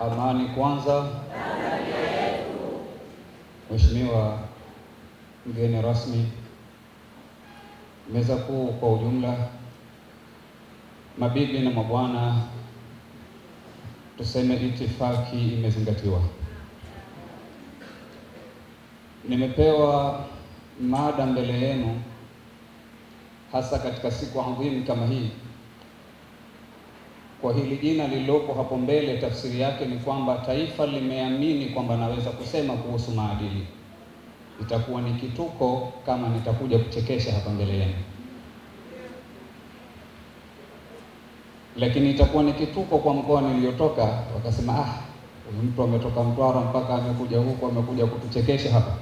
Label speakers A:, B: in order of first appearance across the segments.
A: amani kwanza. Mheshimiwa mgeni rasmi, meza kuu kwa ujumla, mabibi na mabwana, tuseme itifaki imezingatiwa. Nimepewa mada mbele yenu hasa katika siku adhimu kama hii kwa hili jina lililopo hapo mbele, tafsiri yake ni kwamba taifa limeamini kwamba naweza kusema kuhusu maadili. Itakuwa ni kituko kama nitakuja kuchekesha hapa mbele yenu, lakini itakuwa ni kituko kwa mkoa niliyotoka wakasema ah, huyu mtu ametoka Mtwara mpaka amekuja huko, amekuja kutuchekesha hapa.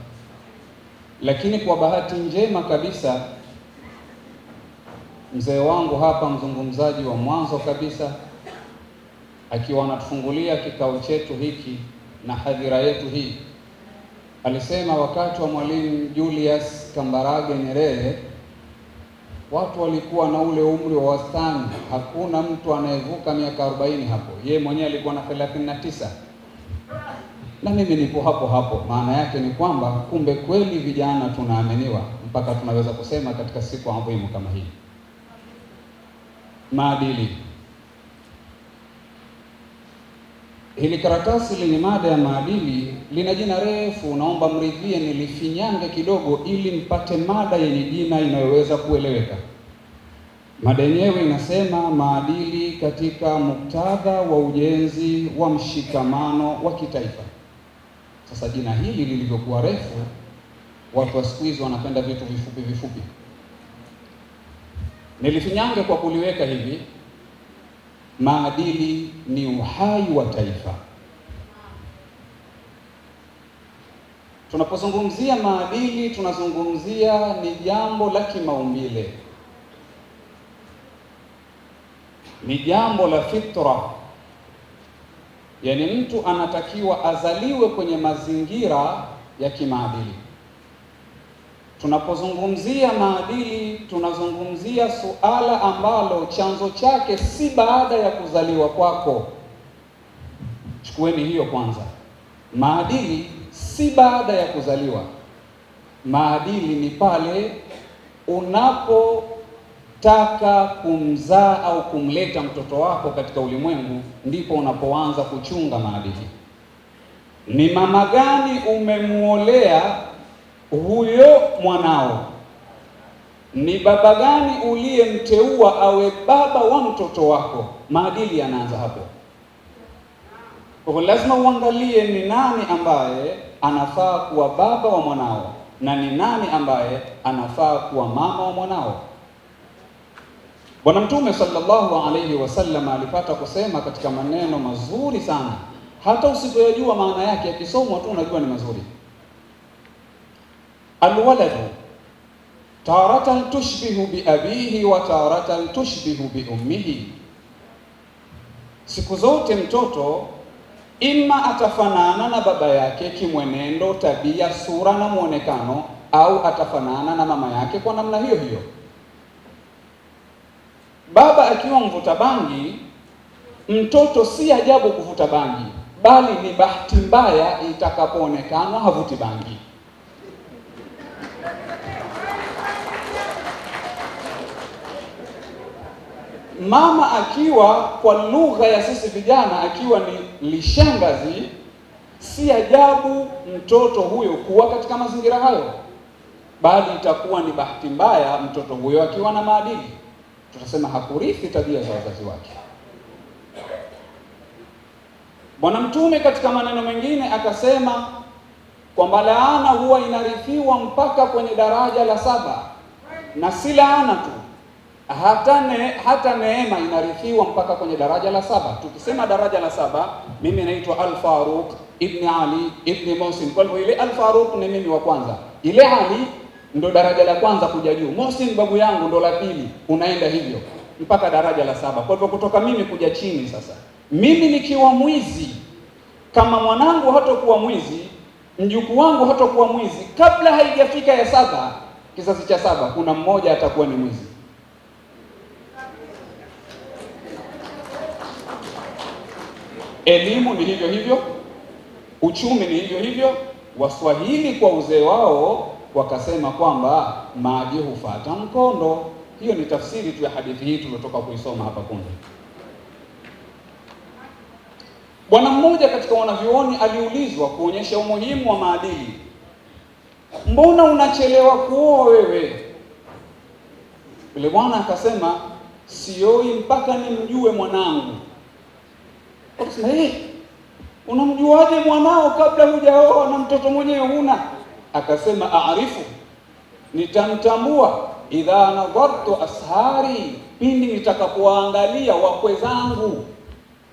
A: Lakini kwa bahati njema kabisa mzee wangu hapa, mzungumzaji wa mwanzo kabisa akiwa anatufungulia kikao chetu hiki na hadhira yetu hii, alisema wakati wa Mwalimu Julius Kambarage Nyerere watu walikuwa na ule umri wa wastani, hakuna mtu anayevuka miaka 40 hapo. Ye mwenyewe alikuwa na 39 na mimi nipo hapo hapo. Maana yake ni kwamba kumbe kweli vijana tunaaminiwa mpaka tunaweza kusema katika siku adhimu kama hii maadili Hili karatasi lenye mada ya maadili lina jina refu, naomba mridhie nilifinyange kidogo ili mpate mada yenye jina inayoweza kueleweka. Mada yenyewe inasema maadili katika muktadha wa ujenzi wa mshikamano wa kitaifa. Sasa jina hili lilivyokuwa refu, watu wa siku hizi wanapenda vitu vifupi vifupi. Nilifinyange kwa kuliweka hivi maadili ni uhai wa taifa. Tunapozungumzia maadili, tunazungumzia ni jambo la kimaumbile, ni jambo la fitra, yaani mtu anatakiwa azaliwe kwenye mazingira ya kimaadili. Tunapozungumzia maadili, tunazungumzia suala ambalo chanzo chake si baada ya kuzaliwa kwako. Chukueni hiyo kwanza. Maadili si baada ya kuzaliwa. Maadili ni pale unapotaka kumzaa au kumleta mtoto wako katika ulimwengu, ndipo unapoanza kuchunga maadili. Ni mama gani umemuolea huyo mwanao ni baba gani uliyemteua awe baba wa mtoto wako? Maadili yanaanza hapo. Kwa hivyo lazima uangalie ni nani ambaye anafaa kuwa baba wa mwanao na ni nani ambaye anafaa kuwa mama wa mwanao. Bwana Mtume sallallahu alayhi wasallam alipata kusema katika maneno mazuri sana, hata usipoyajua maana yake, akisomwa tu unajua ni mazuri alwaladu taratan tushbihu biabihi wa taratan tushbihu biummihi. Siku zote mtoto ima atafanana na baba yake kimwenendo, tabia, sura na mwonekano, au atafanana na mama yake kwa namna hiyo hiyo. Baba akiwa mvuta bangi, mtoto si ajabu kuvuta bangi, bali ni bahati mbaya itakapoonekana havuti bangi. mama akiwa kwa lugha ya sisi vijana akiwa ni lishangazi, si ajabu mtoto huyo kuwa katika mazingira hayo, bali itakuwa ni bahati mbaya mtoto huyo akiwa na maadili, tutasema hakurithi tabia za wazazi wake. Bwana Mtume katika maneno mengine akasema kwamba laana huwa inarithiwa mpaka kwenye daraja la saba, na si laana tu hata, ne, hata neema inarithiwa mpaka kwenye daraja la saba. Tukisema daraja la saba, mimi naitwa Al-Faruq ibn Ali ibn Mohsin. Kwa hivyo ile Al-Faruq ni mimi wa kwanza, ile Ali ndo daraja la kwanza kuja juu, Mohsin babu yangu ndo la pili, unaenda hivyo mpaka daraja la saba. Kwa hivyo kutoka mimi kuja chini sasa, mimi nikiwa mwizi, kama mwanangu hatokuwa mwizi, mjukuu wangu hatokuwa mwizi, kabla haijafika ya saba, kizazi cha saba, kuna mmoja atakuwa ni mwizi Elimu ni hivyo hivyo, uchumi ni hivyo hivyo. Waswahili kwa uzee wao wakasema kwamba maji hufata mkondo. Hiyo ni tafsiri tu ya hadithi hii tuliotoka kuisoma hapa kundi. Bwana mmoja katika wanavyuoni aliulizwa kuonyesha umuhimu wa maadili, mbona unachelewa kuoa wewe? Yule bwana akasema, sioi mpaka nimjue mwanangu Akasema hey, unamjuaje mwanao kabla hujaoa na mtoto mwenyewe huna? Akasema aarifu, nitamtambua idha nadhartu ashari, pindi nitakapoangalia wakwe zangu,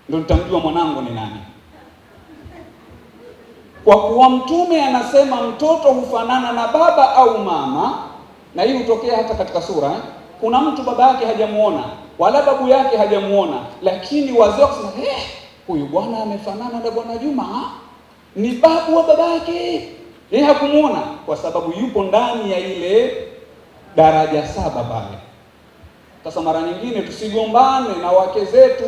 A: ndio nitamjua mwanangu ni nani. Kwa kuwa Mtume anasema mtoto hufanana na baba au mama, na hii hutokea hata katika sura eh? Kuna mtu baba yake hajamuona wala babu yake hajamuona, lakini wazee wakasema hey, eh, huyu bwana amefanana na bwana Juma ha? ni babu wa babake. Yeye hakumwona kwa sababu yupo ndani ya ile daraja saba pale. Sasa mara nyingine tusigombane na wake zetu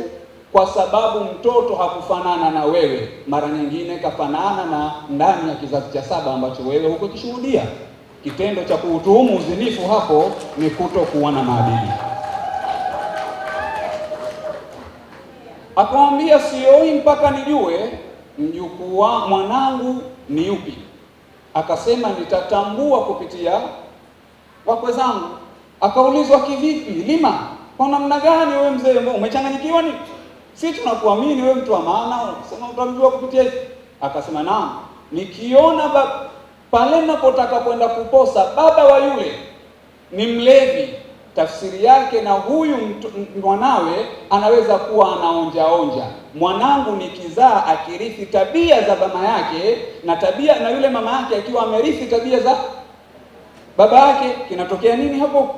A: kwa sababu mtoto hakufanana na wewe. Mara nyingine kafanana na ndani ya kizazi cha saba ambacho wewe huko kishuhudia. Kitendo cha kuutuhumu uzinifu hapo ni kutokuwa na maadili. Akamwambia, sioi mpaka nijue mjukuu wa mwanangu ni yupi. Akasema, nitatambua kupitia wakwe zangu. Akaulizwa, kivipi? Lima, kwa namna gani? Wewe mzee umechanganyikiwa ni Si tunakuamini wewe mtu wa maana, unasema utamjua kupitia hivi. Akasema, naam, nikiona pale napotaka kwenda kuposa baba wa yule ni mlevi tafsiri yake, na huyu mwanawe anaweza kuwa anaonjaonja, mwanangu ni kizaa akirithi tabia za mama yake na tabia na yule mama yake akiwa amerithi tabia za baba yake, kinatokea nini hapo?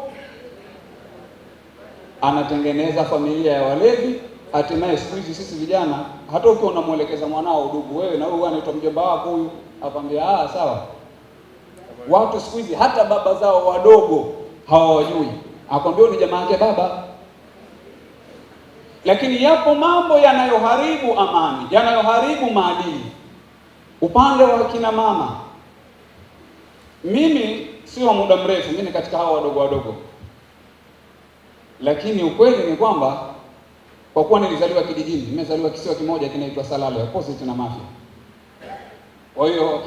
A: Anatengeneza familia ya walevi. Hatimaye siku hizi sisi vijana, hata ukiwa unamwelekeza mwanao udugu, wewe na wewe anaitwa mjomba wako huyu, akwambia ah, sawa. Watu siku hizi hata baba zao wadogo hawawajui akwambia ni jamaa yake baba. Lakini yapo mambo yanayoharibu amani, yanayoharibu maadili upande wa kina mama. Mimi si wa muda mrefu, mimi ni katika hao wadogo wadogo, lakini ukweli ni kwamba kwa kuwa nilizaliwa kijijini, nimezaliwa kisiwa kimoja kinaitwa Salalo opposite na Mafia. Kwa hiyo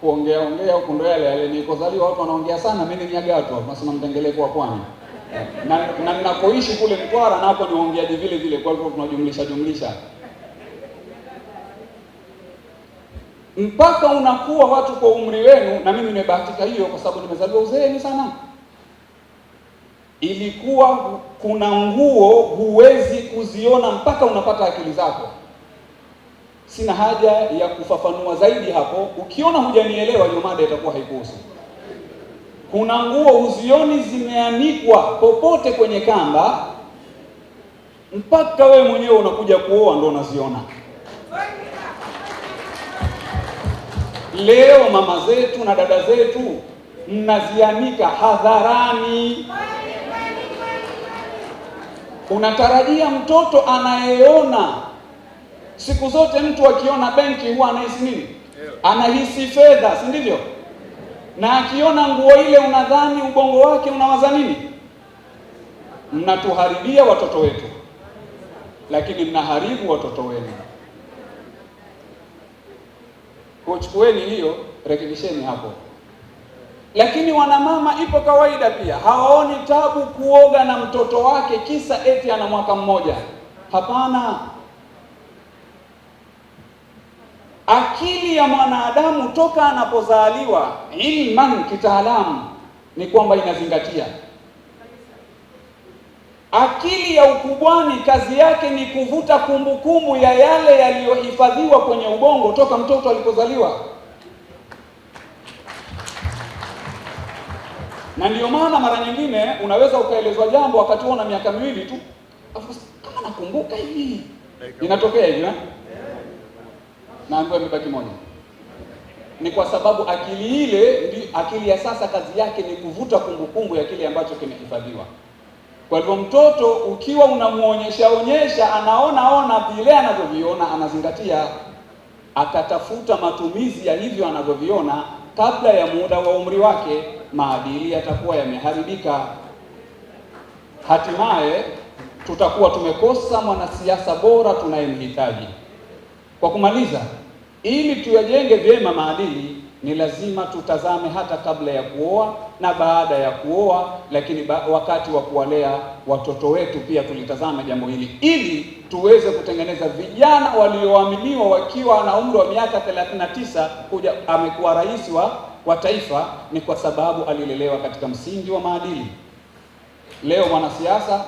A: kuongea ongea huko ndo yale yale, nikozaliwa watu wanaongea sana, mimi ni Nyagato, nasema mtengelevu wa pwani na ninakoishi kule Mtwara nako ni waongeaji vile vile, kwa hivyo tunajumlisha jumlisha mpaka unakuwa watu kwa umri wenu. Na mimi nimebahatika hiyo kwa sababu nimezaliwa uzeeni sana. Ilikuwa kuna nguo huwezi kuziona mpaka unapata akili zako. Sina haja ya kufafanua zaidi hapo, ukiona hujanielewa hiyo mada itakuwa haikuhusu kuna nguo huzioni zimeanikwa popote kwenye kamba, mpaka wewe mwenyewe unakuja kuoa ndo unaziona. Leo mama zetu na dada zetu mnazianika hadharani. Unatarajia mtoto anayeona siku zote, mtu akiona benki huwa anahisi nini? Anahisi fedha, si ndivyo? na akiona nguo ile unadhani ubongo wake unawaza nini? Mnatuharibia watoto wetu, lakini mnaharibu watoto wenu. Kuchukueni hiyo, rekebisheni hapo. Lakini wanamama, ipo kawaida pia, hawaoni tabu kuoga na mtoto wake kisa eti ana mwaka mmoja. Hapana. Akili ya mwanadamu toka anapozaliwa ilman, kitaalamu ni kwamba inazingatia. Akili ya ukubwani kazi yake ni kuvuta kumbukumbu ya yale yaliyohifadhiwa kwenye ubongo toka mtoto alipozaliwa, na ndiyo maana mara nyingine unaweza ukaelezwa jambo wakati huo na miaka miwili tu, kama nakumbuka hivi, inatokea hivyo eh? naambiwa imebaki moja. Ni kwa sababu akili ile ndio akili ya sasa, kazi yake ni kuvuta kumbukumbu ya kile ambacho kimehifadhiwa. Kwa hivyo mtoto ukiwa unamuonyesha onyesha, anaona ona vile anavyoviona, anazingatia akatafuta matumizi ya hivyo anavyoviona kabla ya muda wa umri wake, maadili yatakuwa yameharibika. Hatimaye tutakuwa tumekosa mwanasiasa bora tunayemhitaji. Kwa kumaliza ili tuyajenge vyema maadili ni lazima tutazame hata kabla ya kuoa na baada ya kuoa, lakini ba wakati wa kuwalea watoto wetu pia tulitazama jambo hili, ili tuweze kutengeneza vijana walioaminiwa wakiwa na umri wa miaka 39 kuja amekuwa rais wa, wa taifa, ni kwa sababu alilelewa katika msingi wa maadili. Leo mwanasiasa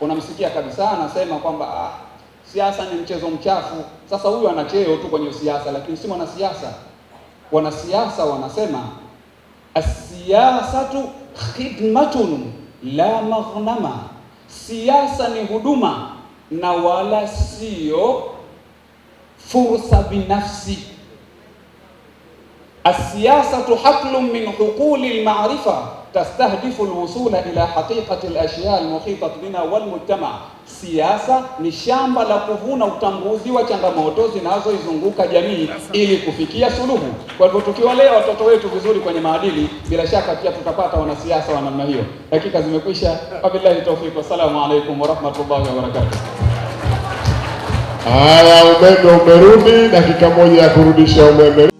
A: unamsikia kabisa anasema kwamba ah, Siasa ni mchezo mchafu. Sasa huyu ana cheo tu kwenye siasa, lakini si mwanasiasa. Wanasiasa wanasema asiyasatu khidmatun la maghnama, siasa ni huduma na wala sio fursa binafsi. Asiyasatu haklun min huquli lmarifa tastahdifu lwusula ila haqiqati lashya lmuhitati bina walmujtama Siasa ni shamba la kuvuna utambuzi wa changamoto zinazoizunguka jamii ili kufikia suluhu. Kwa hivyo, tukiwalea watoto wetu vizuri kwenye maadili, bila shaka pia tutapata wanasiasa wa namna hiyo. Dakika zimekwisha. Wabillahi tawfik, wassalamu alaikum warahmatullahi wabarakatuh. Haya, umeme umerudi, dakika moja ya kurudisha umeme.